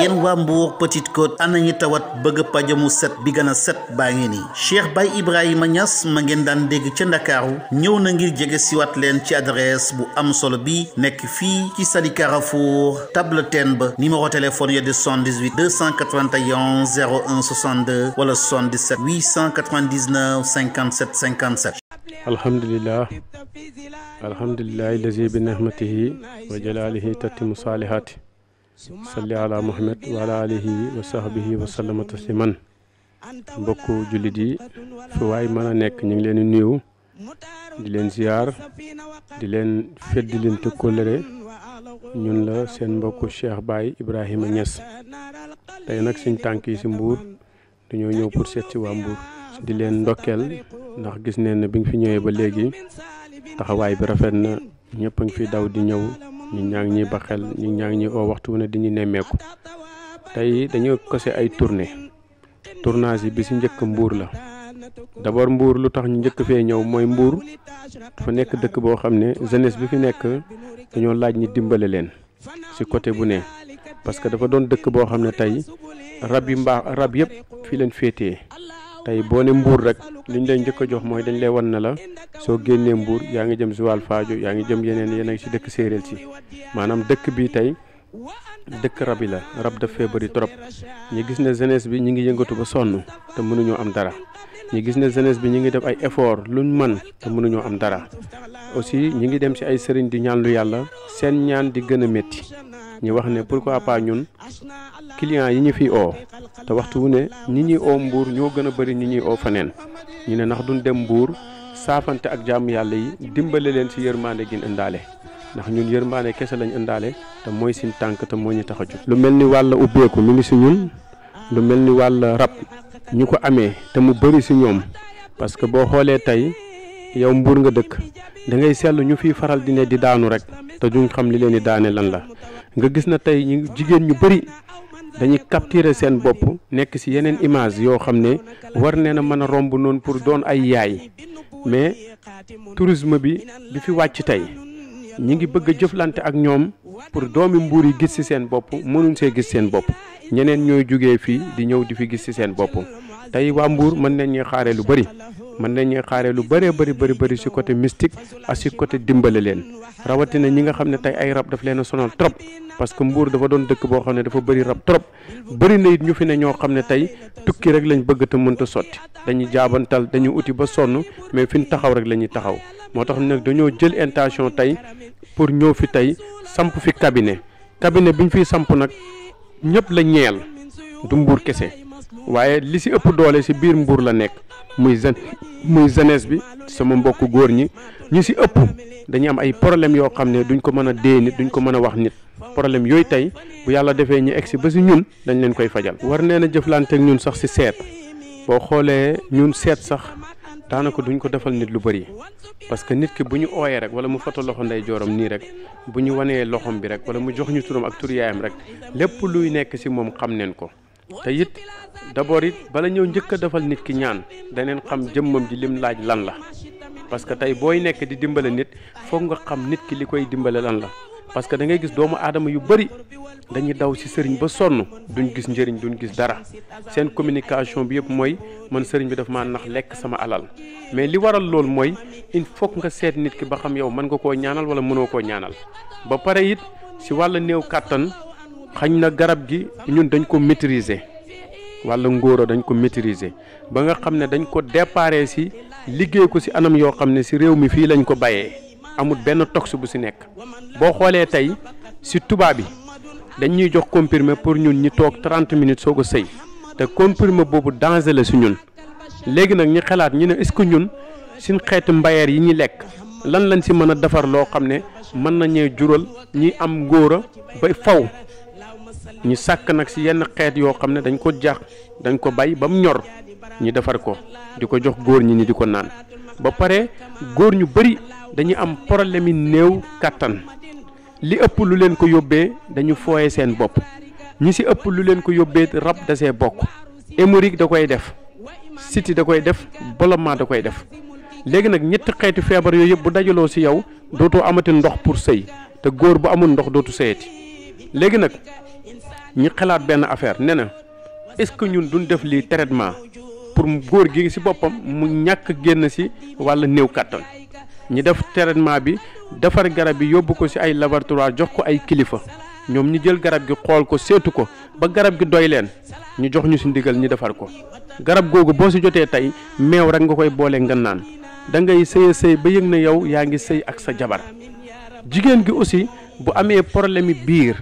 yéen waa Mbour Petite Côte ana ñi tawat bëgg pajamu set bi gën a set baa ngi nii Cheikh Baye Ibrahima Niass ma ngeen daan dégg ca Ndakaaru ñëw na ngir jege siwaat leen ci adresse bu am solo bi nekk fii ci Sali Carrefour table ten ba numéro téléphone ya di 78 281 01 62 wala 77 899 57 alhamdulilah alhamdulilah allazi bi nehmatihi wa jalaalihi tatimu saalihaati salli ala muhammad wa ala alihi wa sahbihi wa sallama tasliman mbokku jullit yi fu waay mën a nekk ñu ngi leen di nuyu di leen ziyaar di leen feddi leen te kóllëre ñun la seen mbokku Cheikh Baye Ibrahima Niass tey nag suñ tànk yi si mbuur dañoo ñëw pour seet si waa mbuur di leen ndokkeel ndax gis neen ne bi nga fi ñëwee ba léegi taxawaay bi rafet na ñëpp a ngi fi daw di ñëw ñu ñaa ngi ñuy ba xel ñu ñaa ngi oo waxtu wu ne di ñu nemmeeku tey dañu kose ay tournée tournage bi si njëkk mbuur la d'abord mbuur lu tax njëkk fee ñëw mooy mbuur dafa nekk dëkk boo xam ne jeunesse bi fi nekk dañoo laaj ñi dimbale leen si côté bu ne parce que dafa doon dëkk boo xam ne tey rab yi mbaax rab yëpp fi leen féetee tey boo ne mbuur rek li ñu lay njëkk a jox mooy dañ lay wan ne la soo génnee mbuur yaa ngi jëm Joal Fadiouth yaa ngi jëm yeneen yéen a si dëkk séeréer si maanaam dëkk bi tey dëkk rab yi la rab daf feebari bëri trop ñu gis ne jeunesse bi ñu ngi yëngatu ba sonn te mënuñoo am dara ñu gis ne jeunesse bi ñu ngi def ay effort luñ mën te mënuñoo am dara aussi ñu ngi dem si ay sëriñ di ñaan lu yàlla seen ñaan di gën a métti ñu wax ne pourquoi pas ñun clients yi ñu fi oo te waxtu wu ne ñi ñuy oo mbuur ñoo gën a bari ñi ñuy oo faneen ñu ne ndax duñ dem mbuur saafante ak jàmm yàlla yi dimbale leen ci yërmande gin indaale ndax ñun yërmande kese lañ indaale te mooy suñ tànk te moo ñu tax a jug. lu mel ni wàll ubbeeku mi ngi ci ñun lu mel ni wàll rab ñu ko amee te mu bëri ci ñoom parce que boo xoolee tey. yow mbuur nga dëkk da ngay seetlu ñu fiy faral di ne di daanu rek te duñ xam li leen di lan la nga gis na tey ñu jigéen ñu bëri dañuy capturer seen bopp nekk ci yeneen image yoo xam ne war nee na mën a romb noonu pour doon ay yaay mais tourisme bi di fi wàcc tey ñi ngi bëgg a jëflante ak ñoom pour doomi mbuur yi gis ci seen bopp mënuñ see gis seen bopp ñeneen ñooy jugee fii di ñëw di fi gis ci seen bopp tey waa Mbour mën nañ ñuy xaaree lu bëri mën nañ ñuy xaaree lu bëree bëri bëri bëri si côté mystique ak si côté dimbale leen rawatina ñi nga xam ne tey ay rab daf leen a sonal trop parce que Mbour dafa doon dëkk boo xam ne dafa bëri rab trop bëri na it ñu fi ne ñoo xam ne tey tukki rek lañ bëgg te mënta sotti dañuy jaabantal dañu uti ba sonn mais fi ñu taxaw rek la ñuy taxaw moo tax nag dañoo jël intation tey pour ñëw fi tey samp fi cabinet cabinet bi ñu fiy samp nag ñëpp la ñeel du kese. waaye li si ëpp doole si biir mbuur la nekk muy jeune muy jeunesse bi sama mbokk góor ñi ñu si ëpp dañuy am ay problème yoo xam ne duñ ko mën a dee nit duñ ko mën a wax nit problème yooyu tey bu yàlla defee ñu egg si ba si ñun dañ leen koy fajal. war nee na jëflanteeg ñun sax si seet boo xoolee ñun seet sax daanaka duñ ko defal nit lu bëri parce que nit ki bu ñu ooyee rek wala mu foto loxo ndey nii rek bu ñu wanee loxoom bi rek wala mu jox ñu turam ak tur rek lépp luy nekk si moom xam neen ko. te it d'abord it bala ñëw njëkk a defal nit ki ñaan daneen xam jëmmam ji lim laaj lan la parce que tey booy nekk di dimbale nit foog nga xam nit ki li koy dimbale lan la parce que da ngay gis doomu aadama yu bëri dañuy daw ci sëriñ ba sonn duñ gis njëriñ duñ gis dara seen communication bi yëpp mooy man sëriñ bi daf ma nax lekk sama alal mais li waral loolu mooy il faut nga seet nit ki ba xam yow mën nga koo ñaanal wala mënoo koo ñaanal ba pare it ci wàllu xañ na garab gi ñun dañ ko maîtriser walla ngóora dañ ko maîtriser ba nga xam ne dañ ko déparé si liggéey ko si anam yoo xam ne si réew mi fii lañ ko bàyyee amul benn tox bu si nekk boo xoolee tey si tubaab yi dañ ñuy jox comprimé pour ñun ñi toog trente minutes soo ko sëy te comprimé boobu danger la si ñun léegi nag ñu xalaat ñu ne est-ce que ñun suñ xeetu mbayeer yi ñuy lekk lan lañ si mën a defar loo xam ne mën nañu jural ñi am ngóora ba faw ñu sàkk nag si yenn xeet yoo xam ne dañ ko jàq dañ ko bay ba mu ñor ñu defar ko di ko jox góor ñi ni di ko naan ba pare góor ñu bëri dañuy am problème yi néew kàttan li ëpp lu leen ko yóbbee dañu fooye seen bopp ñi si ëpp lu leen ko yóbbee rab da bokk hémorroïde da koy def siti da koy def bolomaa da koy def léegi nag ñett xeeti feebar yooyu yëpp bu dajaloo si yow dootoo amati ndox pour sëy te góor bu amul ndox dootu sëyati léegi nag ñu xalaat benn affaire ne na est-ce que ñun duñ def lii traitement pour góor gi ci boppam mu ñàkk génn ci walla néew kàttan ñi def traitement bi defar garab bi yóbbu ko ci ay laboratoire jox ko ay kilifa ñoom ñu jël garab gi xool ko seetu ko ba garab gi doy leen ñu jox ñu ci ndigal ñu defar ko garab googu boo ci jotee tey meew rekk nga koy boole nga naan da ngay sëya sëy ba yëg na yow yaa ngi sëy ak sa jabar jigéen gi aussi bu amee problème biir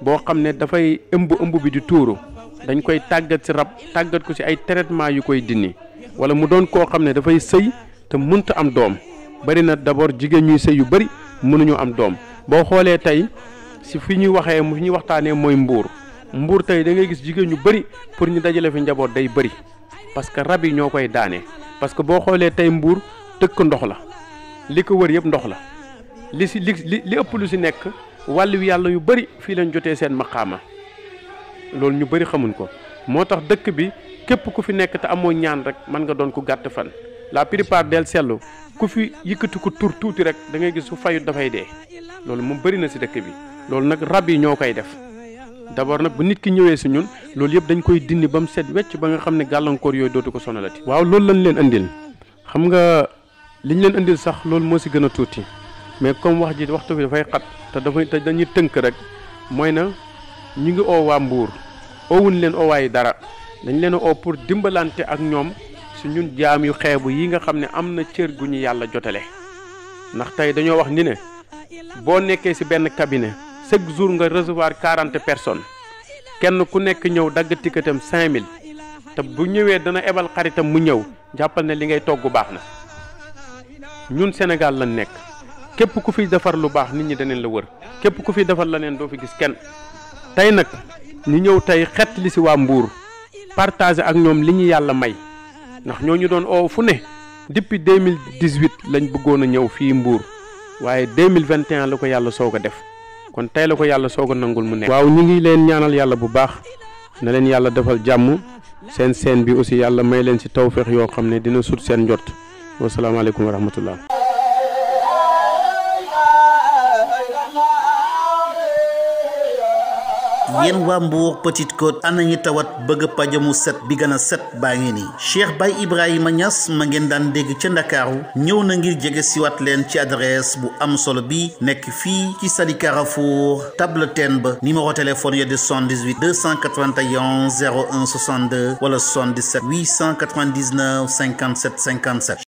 boo xam ne dafay ëmb ëmb bi di tuuru dañ koy tàggat si rab tàggat ko ci ay traitement yu koy dindi wala mu doon koo xam ne dafay sëy te mënta am doom bari na d'abord jigéen ñuy sëy yu bari mënuñu am doom boo xoolee tey si fi ñuy waxee fi ñuy waxtaanee mooy mbuur mbuur tey da ngay gis jigéen ñu bari pour ñu dajale fi njaboot day bari parce que rab yi ñoo koy daane parce que boo xoolee tey mbuur tëkk ndox la li ko wër yëpp ndox la li si li li ëpp lu si nekk. wàllu yàlla yu bëri fii lañ jotee seen maqaama loolu ñu bëri xamuñ ko moo tax dëkk bi képp ku fi nekk te amoo ñaan rek mën nga doon ku gàtt fan la plupart del seetlu ku fi yëkkati ko tur tuuti rek da ngay gis su fayut dafay dee loolu moom bëri na si dëkk bi loolu nag rab yi ñoo koy def d'abord nag bu nit ki ñëwee si ñun loolu yëpp dañ koy dindi ba mu set wecc ba nga xam ne gàllankoor yooyu dootu ko sonalati. waaw loolu lañ leen andil xam nga liñ leen andil sax loolu moo si gën a tuuti. mais comme wax ji waxtu bi dafay xat te dafay te dañuy tënk rek mooy na ñu ngi owaa waa Mbuur oowuñ leen oowaayu dara dañ leen oo pour dimbalante ak ñoom su ñun jaam yu xeebu yi nga xam ne am na cër gu ñu yàlla jotale ndax tey dañoo wax ni ne boo nekkee ci benn cabinet chaque jour nga recevoir quarante personnes kenn ku nekk ñëw dagg tikatam cinq mille te bu ñëwee dana ebal xaritam mu ñëw jàppal ne li ngay togg baax na ñun Sénégal lañ nekk képp ku fiy defar lu baax nit ñi daneen la wër képp ku fiy defar la neen doo fi gis kenn tey nag ñu ñëw tey xet li si waa mbuur partager ak ñoom li ñu yàlla may ndax ñoo ñu doon o fu ne depuis 2018 lañ bëggoon a ñëw fii Mbour waaye 2021 la ko yàlla soog a def kon tey la ko yàlla soog a nangul mu ne waaw ñu ngi leen ñaanal yàlla bu baax na leen yàlla defal jàmm seen seen bi aussi yàlla may leen si tawféex yoo xam ne dina sut seen njort wasalaamaaleykum wa rahmatullah yéen waa Mbour Petite Côte ana ñi tawat bëgg pajamu set bi gën a set baa ngi nii Cheikh Baye Ibrahima Niass ma ngeen daan dégg ca Ndakaaru ñëw na ngir jege siwaat leen ci adresse bu am solo bi nekk fii ci Sali Carrefour table ten ba numéro téléphone ya di 78 291 01 62 wala 77 899 57 57